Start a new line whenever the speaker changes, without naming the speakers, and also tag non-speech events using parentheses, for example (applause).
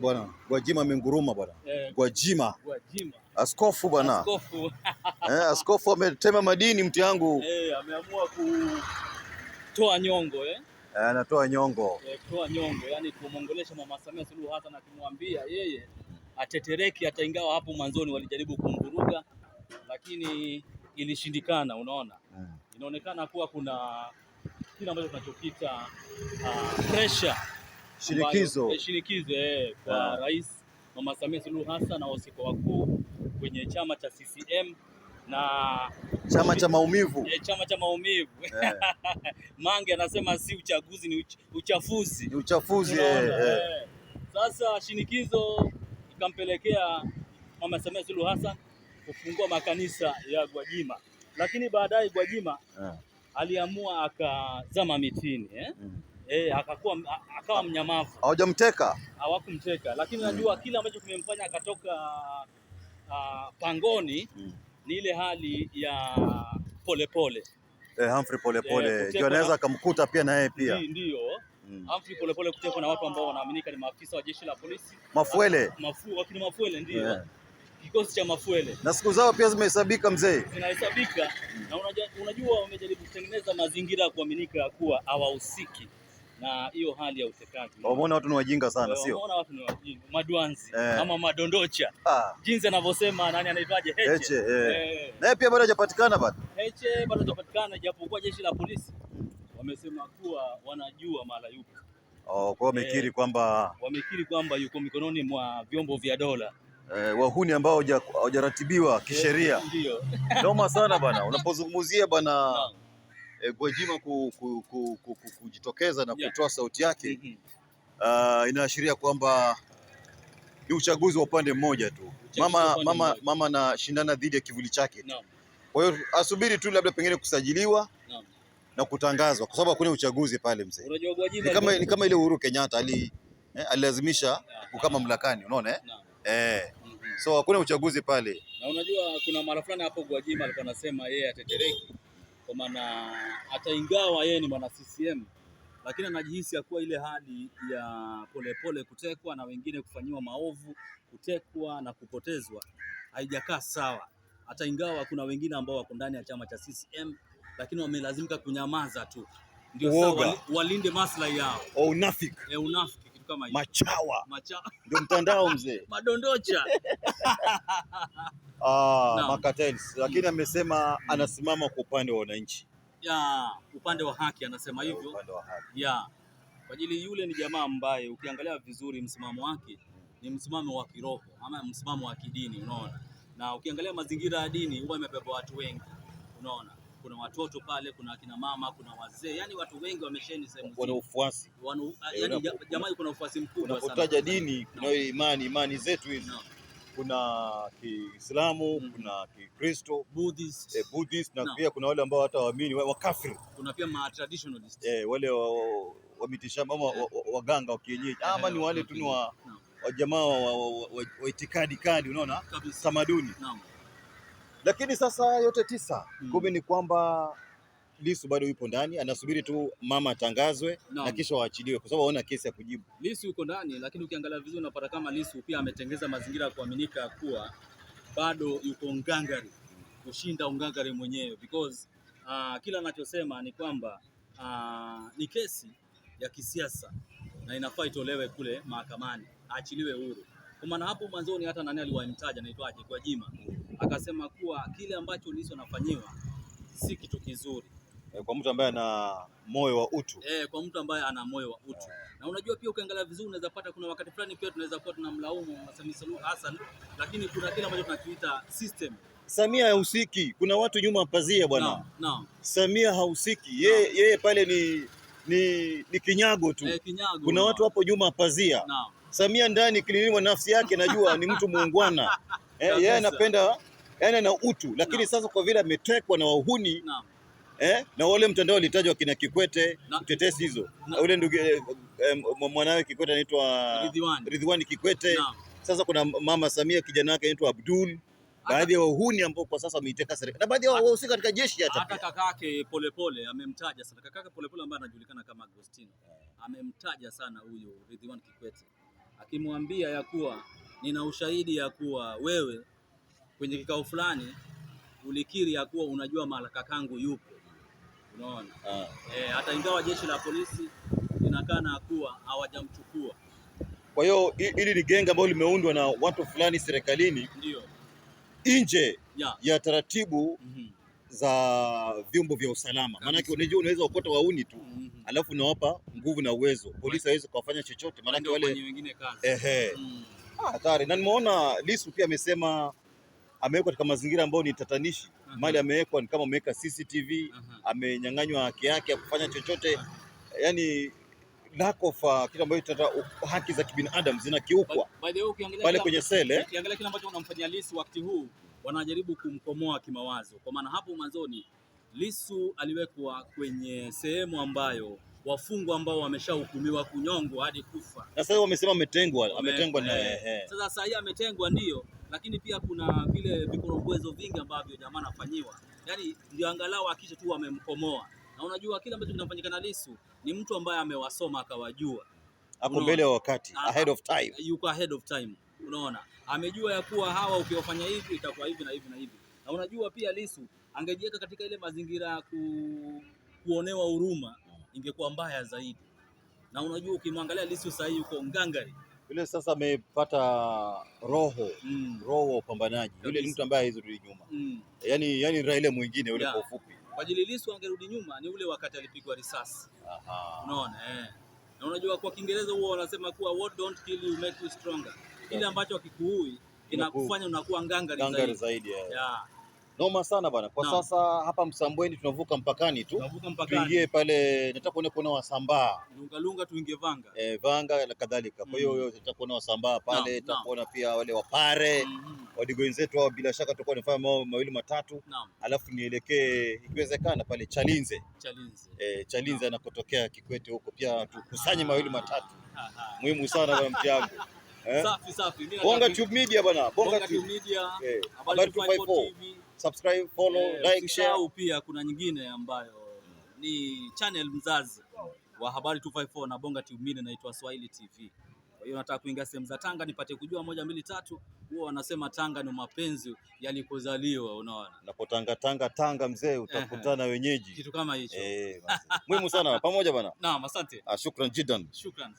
Bwana Gwajima amenguruma bwana eh. Gwajima. Gwajima. Askofu bwana askofu. (laughs) eh, askofu ametema madini mtu yangu
eh, ameamua kutoa nyongo eh?
eh? anatoa nyongo
eh, kutoa nyongo yani kumwongelesha Mama Samia Suluhu Hassan akimwambia yeye atetereki, hata ingawa hapo mwanzoni walijaribu kumvuruga lakini ilishindikana. Unaona hmm. Inaonekana kuwa kuna kile ambacho tunachokita uh, pressure
shinikizo
shinikizo eh, kwa yeah. Rais Mama Samia Suluhu Hassan na wasika wakuu kwenye chama cha CCM na
chama cha maumivu
eh, chama cha maumivu yeah. (laughs) Mange anasema si uchaguzi ni uchafuzi
ni uchafuzi eh, eh, eh.
Sasa shinikizo ikampelekea Mama Samia Suluhu Hassan kufungua makanisa ya Gwajima, lakini baadaye Gwajima yeah. aliamua akazama mitini eh? mm eh, akakuwa akawa mnyamavu.
Hawajamteka?
Hawakumteka, lakini hmm. najua mm. kila ambacho kimemfanya akatoka uh, pangoni mm. ni ile hali ya polepole
pole. Eh, Humphrey polepole eh, anaweza akamkuta pia na yeye pia
ndio Mm. Humphrey Polepole kutekwa na watu ambao wanaaminika ni maafisa wa jeshi la polisi Mafuele. Mafu, wakini Mafuele ndio yeah. Kikosi cha Mafuele
na siku zao pia zimehesabika mzee,
zinahesabika mm. Na unajua, unajua wamejaribu kutengeneza mazingira ya kuaminika ya kuwa hawahusiki na hiyo hali ya utekaji.
Umeona watu ni wajinga sana, sio?
Umeona watu ni wajinga, madwanzi eh, ama madondocha ah, jinsi anavyosema nani anaitwaje, Heche eh. Eh.
na yeye pia bado hajapatikana, bado
Heche bado hajapatikana, japokuwa jeshi la polisi wamesema kuwa wanajua mara yupo.
Oh, kwa wamekiri eh, kwamba
wamekiri kwamba yuko mikononi mwa vyombo vya dola.
Eh, wahuni ambao hawajaratibiwa kisheria. Ndio. Noma sana bana. Unapozungumzia bana Gwajima ku, ku, ku, ku, ku, kujitokeza na kutoa sauti yake mm -hmm. uh, inaashiria kwamba ni uchaguzi wa upande mmoja tu uchaguzi mama, mama, mmoja. Mama anashindana dhidi ya kivuli chake no. Kwa hiyo asubiri tu labda pengine kusajiliwa no. na kutangazwa kwa sababu hakuna uchaguzi pale mzee. Ni kama, ni kama ile Uhuru Kenyatta ali eh, alilazimisha kukaa mamlakani unaona eh? no. eh. mm -hmm. So hakuna uchaguzi pale
na unajua kuna mara fulani hapo Gwajima alikuwa anasema yeye atetereki kwa maana hata ingawa yeye ni mwana CCM lakini anajihisi ya kuwa ile hali ya Polepole kutekwa na wengine kufanyiwa maovu, kutekwa na kupotezwa haijakaa sawa, hata ingawa kuna wengine ambao wako ndani ya chama cha CCM lakini wamelazimika kunyamaza tu,
ndio sawa,
walinde maslahi yao. Oh, unafiki. E, unafiki
kitu kama hiyo. Machawa. Machawa. Ndio mtandao mzee.
(laughs) Madondocha.
Ah, no. lakini amesema anasimama kwa upande wa wananchi
ya upande wa haki anasema hivyo ya kwa ajili yule ni jamaa ambaye ukiangalia vizuri msimamo wake ni msimamo wa kiroho ama msimamo wa kidini, unaona. Na ukiangalia mazingira ya dini huwa imebeba watu wengi, unaona. Kuna watoto pale, kuna akina mama, kuna wazee, yani watu wengi wamesheni sehemu,
wana ufuasi,
eh, yani jamaa, kuna ufuasi mkubwa
sana. Unapotaja dini, kuna imani, imani zetu hizi no kuna Kiislamu mm. kuna Kikristo
Buddhist.
Eh, Buddhist na no. pia kuna wale ambao hata waamini wakafiri,
kuna pia ma traditionalist
eh, wale wamitishamba ama waganga wa kienyeji eh, ama ni wale tu ni wa wajamaa wa itikadi kali, unaona tamaduni no. Lakini sasa yote tisa mm. kumi ni kwamba Lisu bado yupo ndani anasubiri tu mama atangazwe no. na kisha waachiliwe kwa sababu kesi ya kujibu.
Lisu yuko ndani, lakini ukiangalia vizuri unapata kama Lisu pia ametengeza mazingira ya kuaminika kuwa bado yuko ngangari kushinda ungangari mwenyewe because uh, kila anachosema ni kwamba uh, ni kesi ya kisiasa na inafaa itolewe kule mahakamani aachiliwe huru. Kwa maana hapo mwanzoni hata nani aliwamtaja anaitwaje kwa jima akasema kuwa kile ambacho Lisu anafanyiwa si kitu kizuri
Eh, kwa mtu ambaye ana moyo wa utu
eh, kwa mtu ambaye ana moyo wa utu. Na unajua pia ukiangalia vizuri, unaweza pata kuna wakati fulani pia tunaweza kuwa tunamlaumu Samia Suluhu Hassan, lakini kuna kile ambacho tunakiita system.
Samia hahusiki, kuna watu nyuma pazia bwana. Naam, naam. Samia hahusiki yeye, yeye pale ni ni, ni kinyago tu eh, kinyago, kuna watu hapo nyuma pazia. Naam. Samia ndani kilinimwa nafsi yake, najua ni mtu muungwana (laughs) eh, yeye anapenda, yani ana utu, lakini naam. Sasa kwa vile ametekwa na wahuni naam eh? na wale mtandao alitajwa kina Kikwete utetesi hizo, ule ndugu eh, eh, mwanawe Kikwete anaitwa Ridhiwani Kikwete na. Sasa kuna mama Samia kijana wake anaitwa Abdul baadhi ya wahuni ambao kwa sasa wameiteka serikali na baadhi ya wahusika katika jeshi. Hata
kakake Polepole amemtaja sana, kakake Polepole ambaye anajulikana kama Agostino eh. amemtaja sana huyu Ridhiwan Kikwete, akimwambia ya kuwa nina ushahidi ya kuwa wewe kwenye kikao fulani ulikiri ya kuwa unajua malaka kangu yupo unaona ah. eh, hata ingawa jeshi la polisi linakana kuwa hawajamchukua.
Kwa hiyo hili ni genge ambalo limeundwa na watu fulani serikalini, ndio nje ya, ya taratibu mm -hmm za vyombo vya usalama, maanake unajua unaweza ukota wauni tu mm -hmm. Alafu unawapa nguvu na uwezo, polisi hawezi kuwafanya chochote,
maanake wale wengine kazi.
Ehe, hatari mm. Ah, na nimeona Lissu pia amesema amewekwa katika mazingira ambayo ni tatanishi. Mali amewekwa ni kama ameweka CCTV, amenyang'anywa haki yake ya kufanya chochote, yani lack of uh, kitu ambacho tata haki za kibinadamu zinakiukwa pale kwenye sele.
Ukiangalia kile ambacho wanamfanyia Lissu wakati huu, wanajaribu kumkomoa kimawazo, kwa maana hapo mwanzoni Lissu aliwekwa kwenye sehemu ambayo wafungwa ambao wameshahukumiwa kunyongwa hadi kufa,
na sasa wamesema ametengwa,
ametengwa na eh. Eh. sasa, sasa hii ametengwa, ndio lakini pia kuna vile vikorogwezo vingi ambavyo jamaa anafanyiwa, yaani ndio angalau akisha tu wamemkomoa. Na unajua kile ambacho kinafanyika na Lissu ni mtu ambaye amewasoma akawajua,
ako mbele ya wakati, ahead of time,
yuko ahead of time. Unaona, amejua ya kuwa hawa ukiwafanya hivi itakuwa hivi na hivi na hivi. Na unajua pia Lissu angejiweka katika ile mazingira ya ku, kuonewa huruma, ingekuwa mbaya zaidi. Na unajua ukimwangalia Lissu sahii yuko ngangari.
Yule sasa amepata roho mm. roho wa upambanaji. Yule ni mtu ambaye haizurudi nyuma mm. yaani yaani Raila mwingine yule kwa ufupi.
Kwa ajili Lissu angerudi nyuma ni ule wakati alipigwa risasi. Aha. Unaona eh. Na unajua kwa Kiingereza huwa wanasema kuwa what don't kill you make you stronger. Kile ambacho kikuui inakufanya unakuwa nganga zaidi. Nganga zaidi. Eh.
yeah. Yeah. Noma sana bwana. Kwa no. Sasa hapa Msambweni tunavuka mpakani tu.
Tunavuka mpakani.
Tuingie pale nataka kuona kuna Wasambaa.
Lunga lunga tuingie Vanga.
Eh, Vanga na kadhalika. Kwa hiyo mm. nataka kuona Wasambaa pale, nataka kuona pia wale Wapare. Mm mm-hmm. Wadigo wenzetu hao bila shaka tutakuwa tunafanya mambo mawili matatu. No. Alafu nielekee ikiwezekana pale Chalinze. Chalinze. Eh, Chalinze anakotokea Kikwete huko pia ah, tukusanye ah, mawili matatu. Ah, Muhimu sana kwa mtiangu. (laughs) Eh?
Safi safi.
Bonga Tube Media bwana. Bonga Tube Media. Eh, habari 254 subscribe, follow, eh, like, share.
Au pia kuna nyingine ambayo ni channel mzazi wa Habari 254 na Bonga TV, mimi naitwa Swahili TV. Kwa hiyo nataka kuingia sehemu za Tanga nipate kujua moja mbili tatu. Huwa wanasema Tanga ni mapenzi yalikozaliwa, unaona.
Napotanga Tanga Tanga mzee, utakutana wenyeji,
kitu kama hicho
eh. Muhimu sana pamoja bana.
Naam, asante.
Ah, shukran jidan.
Shukran.